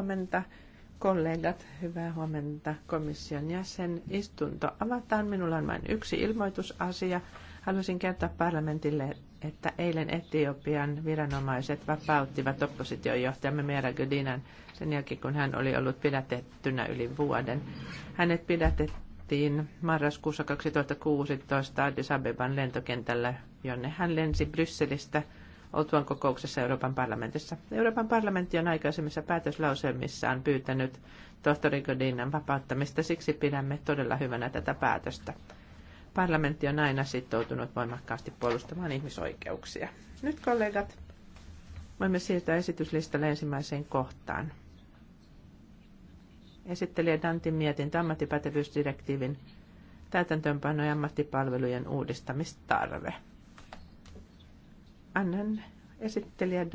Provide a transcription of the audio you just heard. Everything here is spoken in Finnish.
huomenta kollegat, hyvää huomenta komission jäsen. Istunto avataan. Minulla on vain yksi ilmoitusasia. Haluaisin kertoa parlamentille, että eilen Etiopian viranomaiset vapauttivat oppositiojohtajamme Mera Gudinan sen jälkeen, kun hän oli ollut pidätettynä yli vuoden. Hänet pidätettiin marraskuussa 2016 Addis Abeban lentokentällä, jonne hän lensi Brysselistä – oltuaan kokouksessa Euroopan parlamentissa. Euroopan parlamentti on aikaisemmissa päätöslauselmissaan pyytänyt tohtori Godinan vapauttamista, siksi pidämme todella hyvänä tätä päätöstä. Parlamentti on aina sitoutunut voimakkaasti puolustamaan ihmisoikeuksia. Nyt kollegat, voimme siirtyä esityslistalle ensimmäiseen kohtaan. Esittelijä Dantin mietintä ammattipätevyysdirektiivin täytäntöönpano ja ammattipalvelujen uudistamistarve annan esittelijä